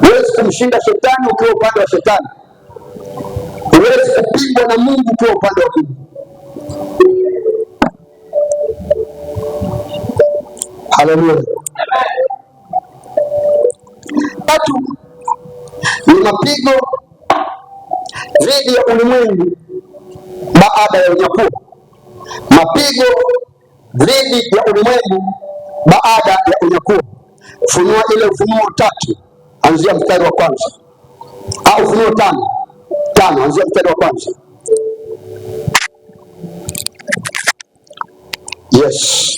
Huwezi kumshinda shetani ukiwa upande wa shetani, huwezi kupingwa na Mungu ukiwa upande wa Mungu. Haleluya! Tatu ni mapigo dhidi ya ulimwengu baada ya unyakuo, mapigo dhidi ya ulimwengu baada ya unyakuo. Funua ile Ufunuo tatu anzia mstari wa kwanza au Ufunuo tano tano anzia mstari wa kwanza. Yes,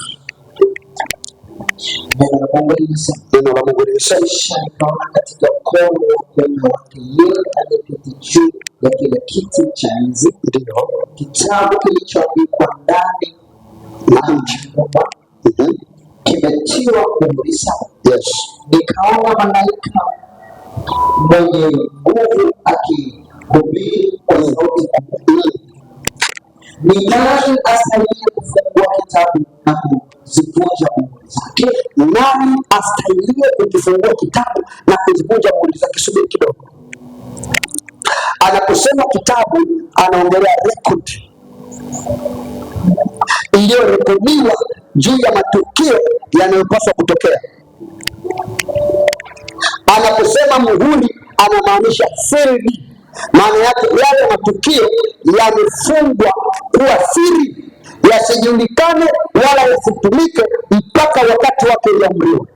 neno la Mungu linasema katika mkono wa kuume wake yeye aliyeketi juu ya kile kiti cha enzi, ndio kitabu kilichoandikwa ndani na nje kimetiwa umri sana. Yes. Nikaona malaika mwenye nguvu akihubiri kwa sauti kubwa, ni nani astahili kufungua kitabu na kuzivunja muhuri zake? Nani astahiliye kukifungua kitabu na kuzivunja muhuri zake? Subiri kidogo, anaposema kitabu anaongelea rekodi iliyorekodiwa juu ya matukio yanayopaswa kutokea. Anaposema muhuri, anamaanisha siri. Maana yake yale matukio yamefungwa kuwa siri, yasijulikane wala yasitumike mpaka wakati wake uliamriwa.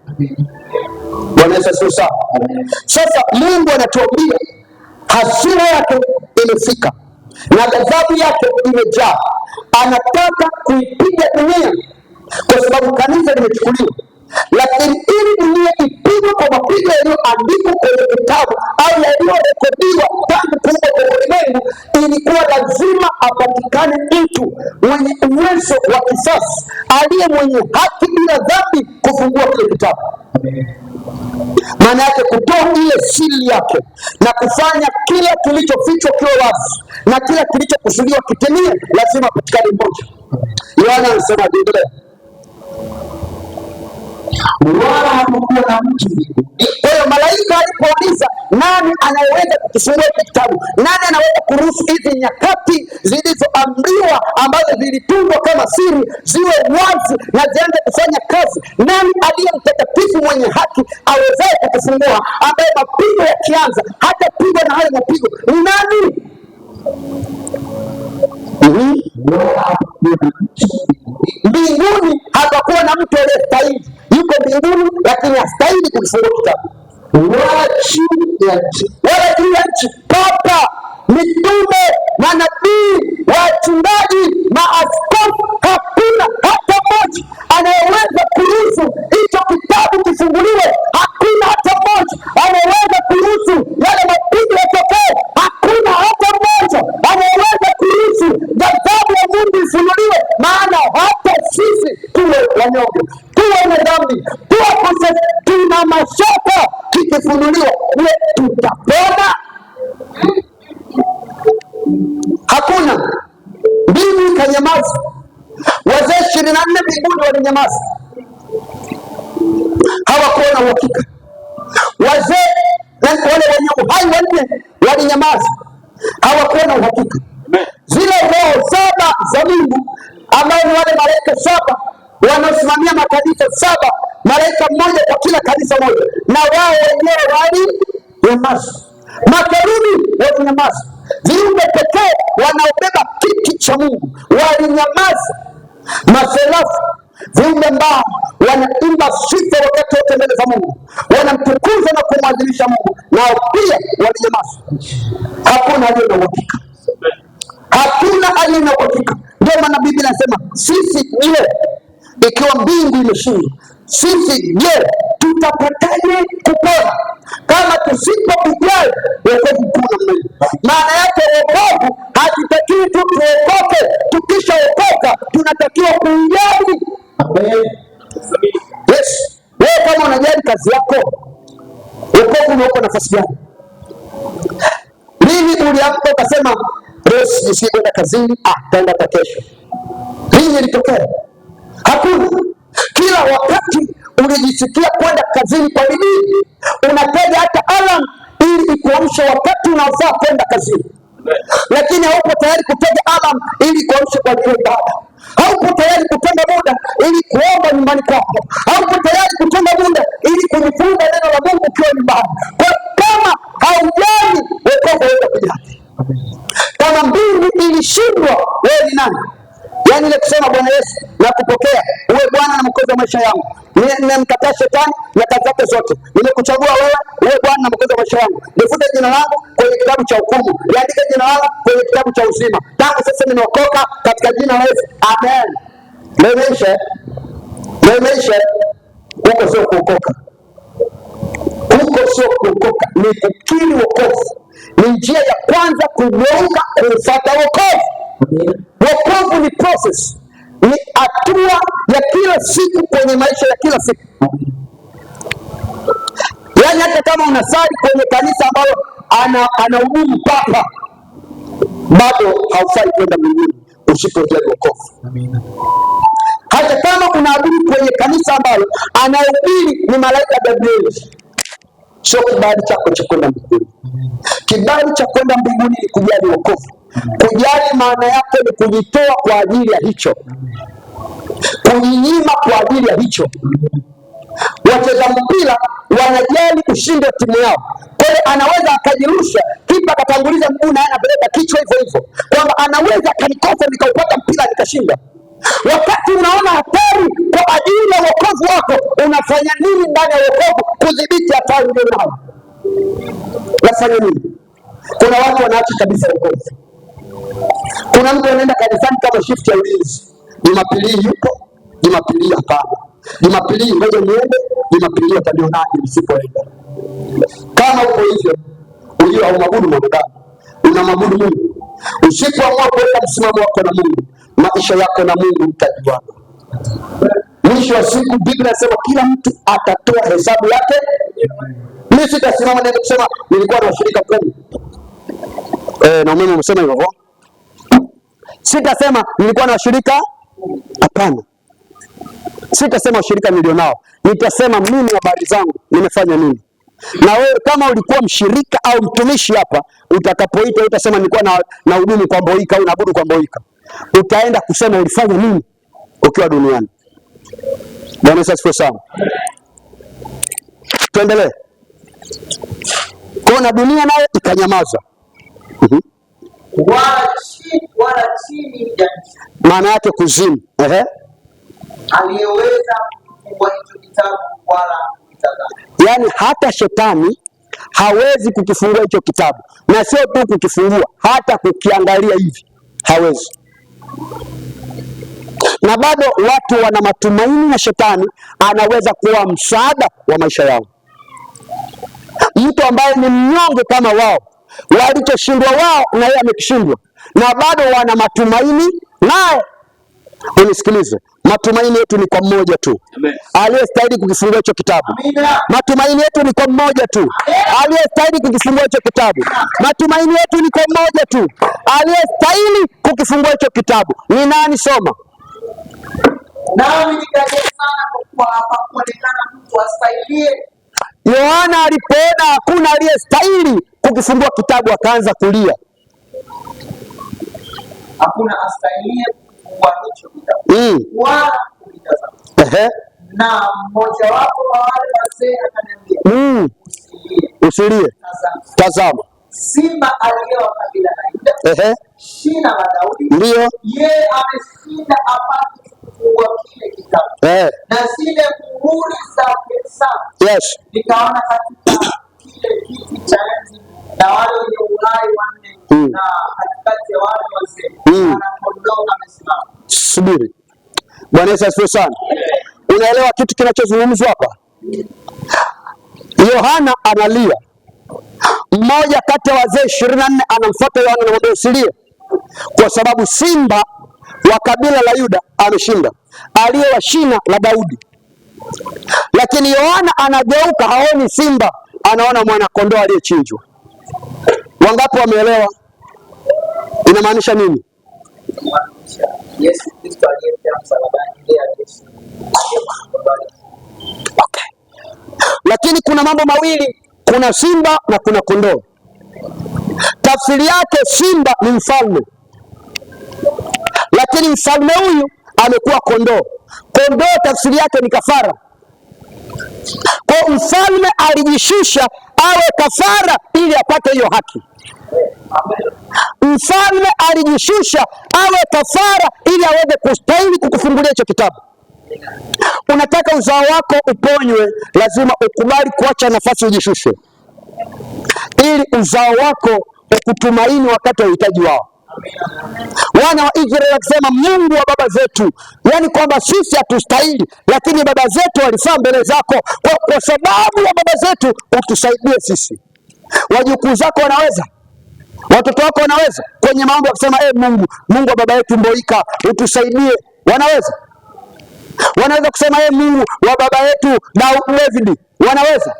Bwana Yesu asifiwe sana. Sasa Mungu anatuambia hasira yake imefika na ghadhabu yake imejaa, anataka kuipiga dunia kwa sababu kanisa limechukuliwa. Lakini ili dunia ipigwa kwa mapigo yaliyoandikwa kwenye kitabu au yaliyorekodiwa tangu kuumbwa kwa ulimwengu, ilikuwa lazima apatikane mtu mwenye uwezo wa kisasi, aliye mwenye haki bila dhambi, kufungua kile kitabu maana yake kutoa ile siri yake na kufanya kila kilichofichwa kiwe wazi na kila kilichokusudiwa kitimie. Lazima patikane mmoja. Yohana anasema, endelea wala hakukuwa na mtu. Kwa hiyo malaika alipouliza nani anayeweza kukifungua kitabu, nani anaweza kuruhusu hizi nyakati zilizoamriwa ambazo zilitungwa kama siri ziwe wazi na zianze kufanya kazi, nani aliye mtakatifu mwenye haki awezaye kukifungua, ambaye mapigo yakianza hata pigwa na hayo mapigo ni nani? Mbili ya nchi, wala juu ya nchi papa, mitume, manabii, wachungaji, maaskofu, hakuna hata mmoja anayeweza kuruhusu hicho kitabu kifunguliwe. Hakuna hata mmoja anayeweza kuruhusu yale mapigo yatokee. Hakuna hata mmoja anayeweza kuruhusu ghadhabu ya Mungu ifunuliwe, maana hata sisi tuwe wanyonge, tuwe na dhambi, tuwe tuna mashaka kikifunuliwa tutapona? Hakuna. Mbingu ikanyamaza, wazee ishirini na nne mbinguni walinyamaza, hawakuona uhakika. Wazee wale wenye uhai wanne walinyamaza, hawakuona uhakika. Zile roho saba za Mungu ambayo ni wale malaika saba wanaosimamia makanisa saba, malaika mmoja kwa kila kanisa moja, na wao wenyewe wali Nyamaza. Makerubi walinyamaza, viumbe pekee wanaobeba kiti cha Mungu walinyamaza. Maserafu, viumbe ambao wanaimba sifa wakati wote mbele za Mungu, wanamtukuza na kumwadhimisha Mungu, nao pia walinyamaza. Hakuna aliye na uhakika, hakuna aliye na uhakika. Ndio maana Biblia inasema sisi je, ikiwa mbingu imeshindwa sisi je, tutapataje kupona kama tusipokujali wokovu kuna Mungu? Maana yake wokovu hatutakiwi tu tuokoke, tukishaokoka tunatakiwa kuijali. Yes, wewe kama unajali kazi yako, wokovu umeoka nafasi gani? Lini uliamka ukasema leo sijui kwenda kazini, ah, taenda kesho? Lini ilitokea? Hakuna. Kila wakati ulijisikia kwenda kazini kwa bidii, unapiga hata alam ili ikuamshe wakati unafaa kwenda kazini, lakini haupo tayari kupiga alam ili kuamsha kwa ibada. Haupo tayari kutenga muda ili kuomba nyumbani kwako. Haupo tayari kutenga muda ili kujifunza neno la Mungu ukiwa nyumbani. Kwa kama haujani wokovu hautajali, kama mbingu ilishindwa, wewe ni nani? nimemkataa shetani na kazi zake zote. Nimekuchagua wewe, wewe Bwana na Mwokozi wa maisha yangu. Nifute jina langu kwenye kitabu cha hukumu, liandike jina langu kwenye kitabu cha uzima. Tangu sasa nimeokoka katika jina la Yesu, amen. Lemeisha lemeisha, huko sio kuokoka, huko sio kuokoka, ni kukiri wokovu. Ni njia ya kwanza kugeuka kuufata wokovu. Wokovu ni process ni hatua ya kila siku kwenye maisha ya kila siku. Yaani hata kama unasali kwenye kanisa ambalo anahudumu papa, bado haufai kwenda mbinguni usipojaa wokovu. Hata kama unaabudu kwenye kanisa ambalo anayehubiri ni malaika Gabrieli, sio kibali chako cha kwenda mbinguni. Kibali cha kwenda mbinguni ni kujali wokovu. Kujali maana yake ni kujitoa kwa ajili ya hicho, kujinyima kwa ajili ya hicho. Wacheza mpira wanajali kushinda timu yao, kwa hiyo anaweza akajirusha, kipa akatanguliza mguu naye anapeleka kichwa, hivyo hivyo, kwamba anaweza akanikosa nikaupata mpira nikashinda. Wakati unaona hatari kwa ajili ya wokovu wako, unafanya nini ndani ya wokovu kudhibiti hatari ulionayo? nafanya nini? Kuna watu wanaacha kabisa wokovu kuna mtu anaenda kanisani kama shift ya ulinzi, Jumapili yupo, Jumapili hapana, Jumapili ngoja niende, Jumapili atadio atanionaje msipoenda? Kama uko hivyo, ujue haumwabudu mwanadamu, unamwabudu Mungu. Usipoamua kuweka msimamo wako na Mungu, maisha yako na Mungu mtajuana. Mwisho wa siku, Biblia inasema kila mtu atatoa hesabu yake. Mimi sitasimama ndio kusema nilikuwa na washirika kumi eh, na umeme umesema hivyo Sitasema nilikuwa na washirika, hapana. Sitasema washirika nilionao, nitasema mimi habari zangu, nimefanya nini. Na wewe kama ulikuwa mshirika au mtumishi hapa, utakapoita utasema nilikuwa na na hudumu kwa Mboika au naabudu kwa Mboika, utaenda kusema ulifanya nini ukiwa duniani. Bwana Yesu asifiwe sana. Tuendelee. na dunia nayo ikanyamaza. Mhm wala chini wala chini ya maana yake kuzimu. Ehe, aliyeweza kufungua hicho kitabu wala yaani hata shetani hawezi kukifungua hicho kitabu, na sio tu kukifungua, hata kukiangalia hivi hawezi. Na bado watu wana matumaini na shetani anaweza kuwa msaada wa maisha yao. Mtu ambaye ni mnyonge kama wao walichoshindwa wao na yeye amekishindwa, na bado wana matumaini naye. Unisikilize, matumaini yetu ni kwa mmoja tu aliyestahili kukifungua hicho kitabu. Matumaini yetu ni kwa mmoja tu aliyestahili kukifungua hicho kitabu. Matumaini yetu ni kwa mmoja tu aliyestahili kukifungua hicho kitabu. Ni nani? Soma Yohana alipoona hakuna aliyestahili kukifungua kitabu akaanza kulia. Hakuna astahili kufungua hicho kitabu mm. wala kukitazama. Ehe, na mmoja wapo wa wale wazee akaniambia, mm. usilie, tazama simba aliyewa kabila la Yuda. Ehe, shina la Daudi, ndio yeye ameshinda apate kufungua kile kitabu na zile muhuri za saba. Yes, nikaona katika kile kiti cha enzi na wale wenye uhai wanne hmm. na katikati ya wale wazee hmm. kondoo amesimama. Subiri. Bwana Yesu asifiwe sana. Unaelewa kitu kinachozungumzwa hapa? Yohana analia, mmoja kati ya wazee ishirini na nne anamfuata Yohana, anamwambia usilie, kwa sababu simba wa kabila la Yuda ameshinda, aliye washina la Daudi. Lakini Yohana anageuka, haoni simba, anaona mwanakondoo aliyechinjwa. Wangapi wameelewa inamaanisha nini? Okay. Lakini kuna mambo mawili, kuna simba na kuna kondoo. Tafsiri yake simba ni mfalme, lakini mfalme huyu amekuwa kondoo. Kondoo tafsiri yake ni kafara. Kwa mfalme alijishusha awe kafara ili apate hiyo haki. Mfalme alijishusha awe kafara ili aweze kustahili kukufungulia hicho kitabu. Unataka uzao wako uponywe, lazima ukubali kuacha nafasi ujishushe ili uzao wako ukutumaini wakati wa uhitaji wao. Wana wa Israeli wakisema Mungu wa baba zetu, yaani kwamba sisi hatustahili, lakini baba zetu walifaa mbele zako, kwa, kwa sababu ya baba zetu utusaidie sisi. Wajukuu zako wanaweza Watoto wako wanaweza kwenye maombi wakisema e, eh, Mungu Mungu wa baba yetu Mboika utusaidie, wanaweza wanaweza kusema e, Mungu wa baba yetu Daudi, wanaweza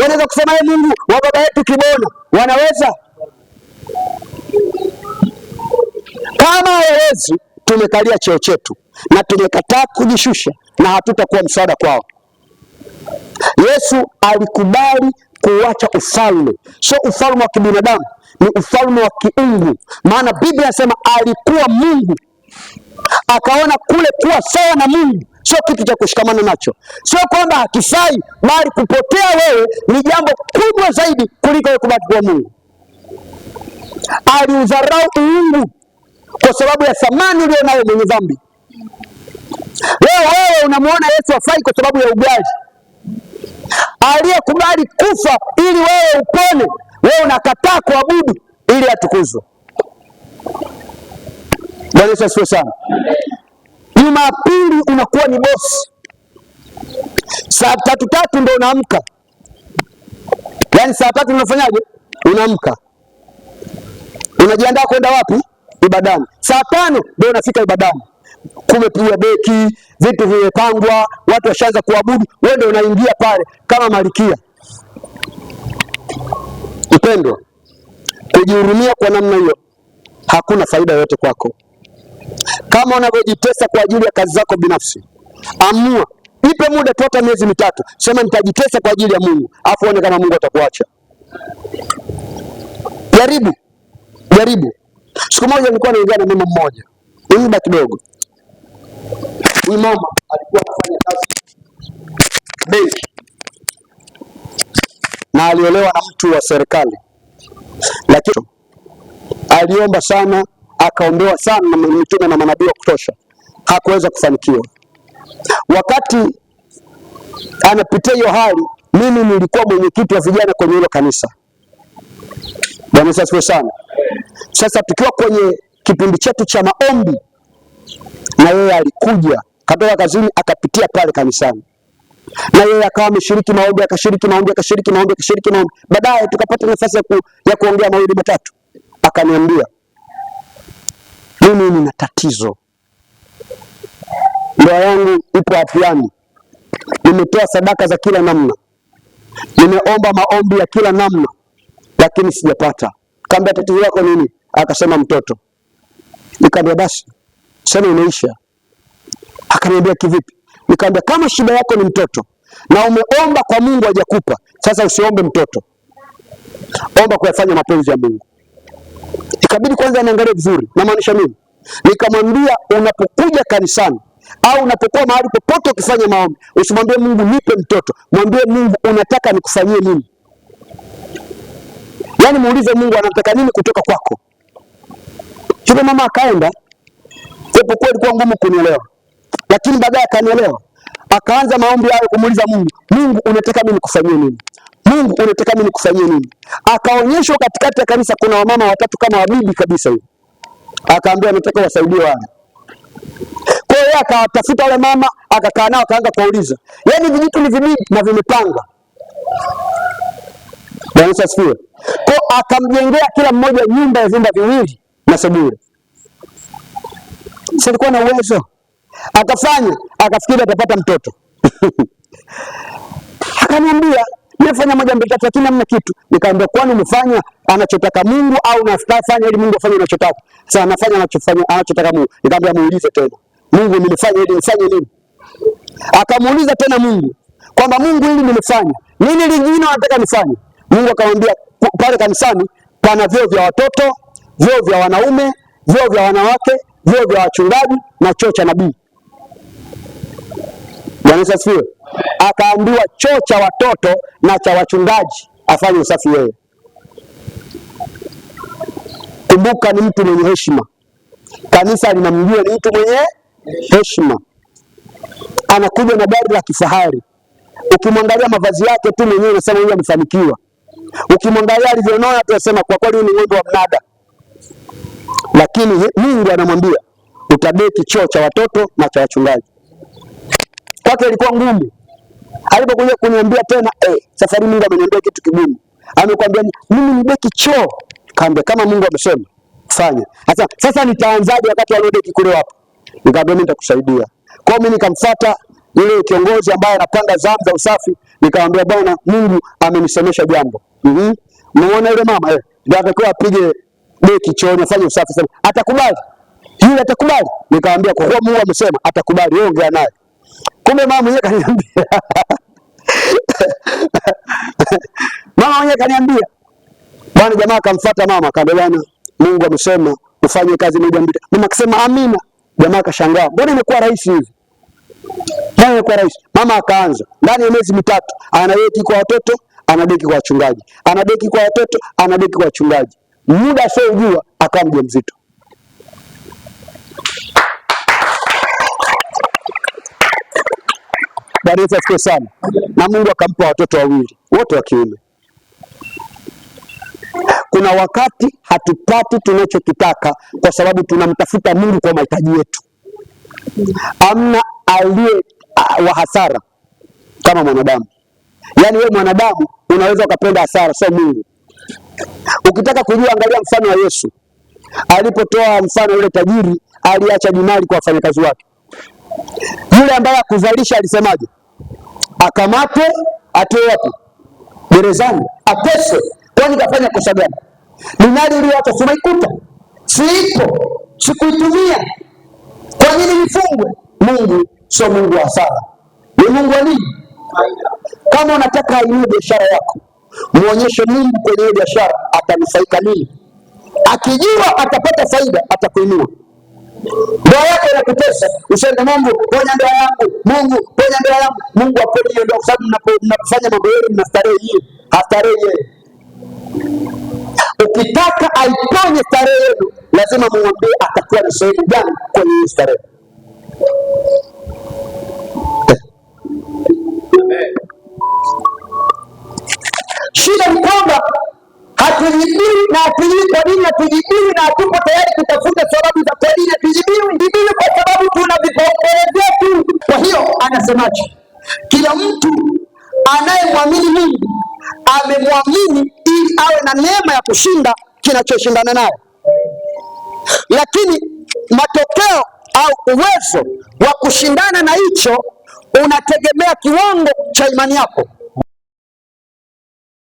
wanaweza kusema e, Mungu wa baba yetu Kibono, wanaweza. Kama hawawezi, tumekalia cheo chetu na tumekataa kujishusha, na hatutakuwa msaada kwao. Yesu alikubali kuacha ufalme. Sio ufalme wa kibinadamu, ni ufalme wa kiungu, maana Biblia inasema alikuwa Mungu akaona kule kuwa sawa na Mungu sio kitu cha kushikamana nacho, sio kwamba hakifai, bali kupotea wewe ni jambo kubwa zaidi kuliko wewe kubaki kwa Mungu. Aliudharau uungu kwa sababu ya thamani nayo mwenye dhambi. Leo wewe unamwona Yesu hafai kwa sababu ya ugavi aliyekubali kufa ili wewe upone, wewe unakataa kuabudu ili atukuzwe. Bwana Yesu asifiwe sana. Jumapili unakuwa ni bosi, saa tatu tatu ndo unaamka, yaani saa tatu unafanyaje? Unaamka, unajiandaa kwenda wapi? Ibadani. Saa tano ndo unafika ibadani kumepigwa beki, vitu vimepangwa, watu washaanza kuabudu, wewe ndio unaingia pale kama malikia. Mpendwa, kujihurumia kwa namna hiyo hakuna faida yoyote kwako. Kama unavyojitesa kwa ajili ya kazi zako binafsi, amua, ipe muda tu, hata miezi mitatu, sema nitajitesa kwa ajili ya Mungu, afu one kama Mungu atakuacha. Jaribu, jaribu. Siku moja nilikuwa naongea na mama mmoja, ni muda kidogo Huyu mama alikuwa anafanya kazi benki na aliolewa na mtu wa serikali, lakini aliomba sana, akaombewa sana na mitume na manabii wa kutosha, hakuweza kufanikiwa. Wakati anapitia hiyo hali, mimi nilikuwa mwenyekiti wa vijana kwenye hilo kanisa. Bwana asifiwe sana. Sasa tukiwa kwenye kipindi chetu cha maombi na yeye alikuja katoka kazini akapitia pale kanisani na yeye akawa ameshiriki maombi akashiriki maombi akashiriki maombi akashiriki maombi. Baadaye tukapata nafasi ya, ku, ya kuongea mawili matatu, akaniambia mimi nina tatizo, ndoa yangu ipo afiani, nimetoa sadaka za kila namna, nimeomba maombi ya kila namna, lakini sijapata. Kaambia tatizo lako nini? Akasema mtoto. Nikaambia basi Sema imeisha. Akaniambia kivipi? Nikamwambia kama shida yako ni mtoto na umeomba kwa Mungu hajakupa, sasa usiombe mtoto, omba kuyafanya mapenzi ya Mungu. Ikabidi kwanza niangalie vizuri, namaanisha nini? Nikamwambia unapokuja kanisani au unapokuwa mahali popote ukifanya maombi, usimwambie Mungu nipe mtoto, mwambie Mungu unataka nikufanyie nini? Yaani muulize Mungu anataka nini kutoka kwako. Yule mama akaenda japokuwa ilikuwa ngumu kunielewa, lakini baadaye akanielewa, akaanza maombi hayo kumuuliza Mungu, Mungu unataka mimi nikufanyie nini? Mungu unataka mimi nikufanyie nini? Akaonyeshwa katikati ya kanisa kuna wamama watatu kama wabibi kabisa hivi, akaambiwa nataka wasaidie wao. Kwa hiyo akatafuta wale mama, akakaa nao, akaanza kuuliza, yaani vijitu ni vibibi na vimepanga. Bwana asifiwe. Kwa akamjengea kila mmoja nyumba ya vyumba viwili na sebule silikuwa na uwezo, akafanya akafikiri atapata mtoto akaniambia nilifanya moja mbili tatu, lakini hamna kitu. Nikaambia, kwani umefanya anachotaka Mungu au nafanya ili Mungu afanye anachotaka? Sasa anafanya anachofanya anachotaka Mungu. Nikaambia, muulize tena Mungu, nilifanya ili nifanye nini? Akamuuliza tena Mungu kwamba Mungu, ili nilifanya nini, lingine anataka nifanye? Mungu akamwambia, pale kanisani pana vyoo vya watoto, vyoo vya wanaume, vyoo vya wanawake, vyuo vya wachungaji na choo cha nabii. Bwana asifiwe. Akaambiwa choo cha watoto na cha wachungaji afanye usafi yeye. Kumbuka ni mtu mwenye heshima, kanisa linamjua ni mtu mwenye heshima, anakuja na gari la kifahari. Ukimwangalia mavazi yake tu mwenyewe unasema huyu amefanikiwa. Ukimwangalia alivyonoa tu unasema kwa kweli ni ng'ombe wa mnada lakini Mungu anamwambia utabeki choo cha watoto na cha wachungaji. Kwake ilikuwa ngumu. Alipokuja kuniambia tena eh, safari Mungu ameniambia kitu kigumu, amekwambia mimi nibeki choo. kambe, kama Mungu amesema fanya. Sasa sasa nitaanzaje wakati wanaodeki kule wapo? Nikamwambia mimi nitakusaidia. Kwa mimi nikamfuata yule kiongozi ambaye anapanga zamu za usafi, nikamwambia bwana, Mungu amenisemesha jambo. Mhm. Mm Muone yule mama eh, ndio atakuwa apige beki chooni, ufanye usafi sana. Atakubali yule, atakubali. Nikamwambia kwa kuwa Mungu amesema atakubali, wewe ongea naye. Kumbe mama mwenyewe kaniambia mama mwenyewe kaniambia bwana, jamaa akamfuata mama, akaambia bwana, Mungu amesema ufanye kazi moja mbili. Mama akasema amina. Jamaa akashangaa, mbona imekuwa rahisi hivi? Mbona imekuwa rahisi? Mama akaanza ndani ya miezi mitatu, ana beki kwa watoto, ana beki kwa wachungaji, ana beki kwa watoto, ana beki kwa wachungaji muda asiojua akawa mjamzito. Bwana Yesu asifiwe sana. Na Mungu akampa watoto wawili wote wa kiume. Kuna wakati hatupati tunachokitaka kwa sababu tunamtafuta Mungu kwa mahitaji yetu. Amna aliye ah, wa hasara kama mwanadamu, yaani wewe mwanadamu unaweza ukapenda hasara, sio Mungu. Ukitaka kujua, angalia mfano wa Yesu alipotoa mfano yule tajiri aliacha dinari kwa wafanyakazi wake. Yule ambaye akuzalisha alisemaje? Akamatwe, atoe wapi? Gerezani, ateswe. Kwani kafanya kosa gani? Dinari iliyoacha sumaikuta siipo, sikuitumia. Kwa nini nifungwe? Mungu sio Mungu wa hasara, ni Mungu wa nini? Kama unataka ainue biashara yako muonyeshe Mungu kwenye hiyo biashara, atanufaika nini? Akijua atapata faida, atakuinua. Ndoa yake inakutesa, usende Mungu ponya ndoa yangu, Mungu ponya ndoa yangu, Mungu aponye hiyo ndoa, kwa sababu mnapofanya mambo yenu mnastarehe hiyo hastarehe yeye. Ukitaka aiponye starehe yenu, lazima muambie atakuwa ni sehemu gani kwenye hiyo starehe. hatujibiwi na hatujibiwi kwa nini hatujibiwi, na hatuko tayari kutafuta sababu za kwa na hatujibiwi. Ndibiwi kwa sababu tuna vipaumbele vyetu. Kwa hiyo anasemaje? Kila mtu anayemwamini Mungu amemwamini ili awe na neema ya kushinda kinachoshindana nayo, lakini matokeo au uwezo wa kushindana na hicho unategemea kiwango cha imani yako.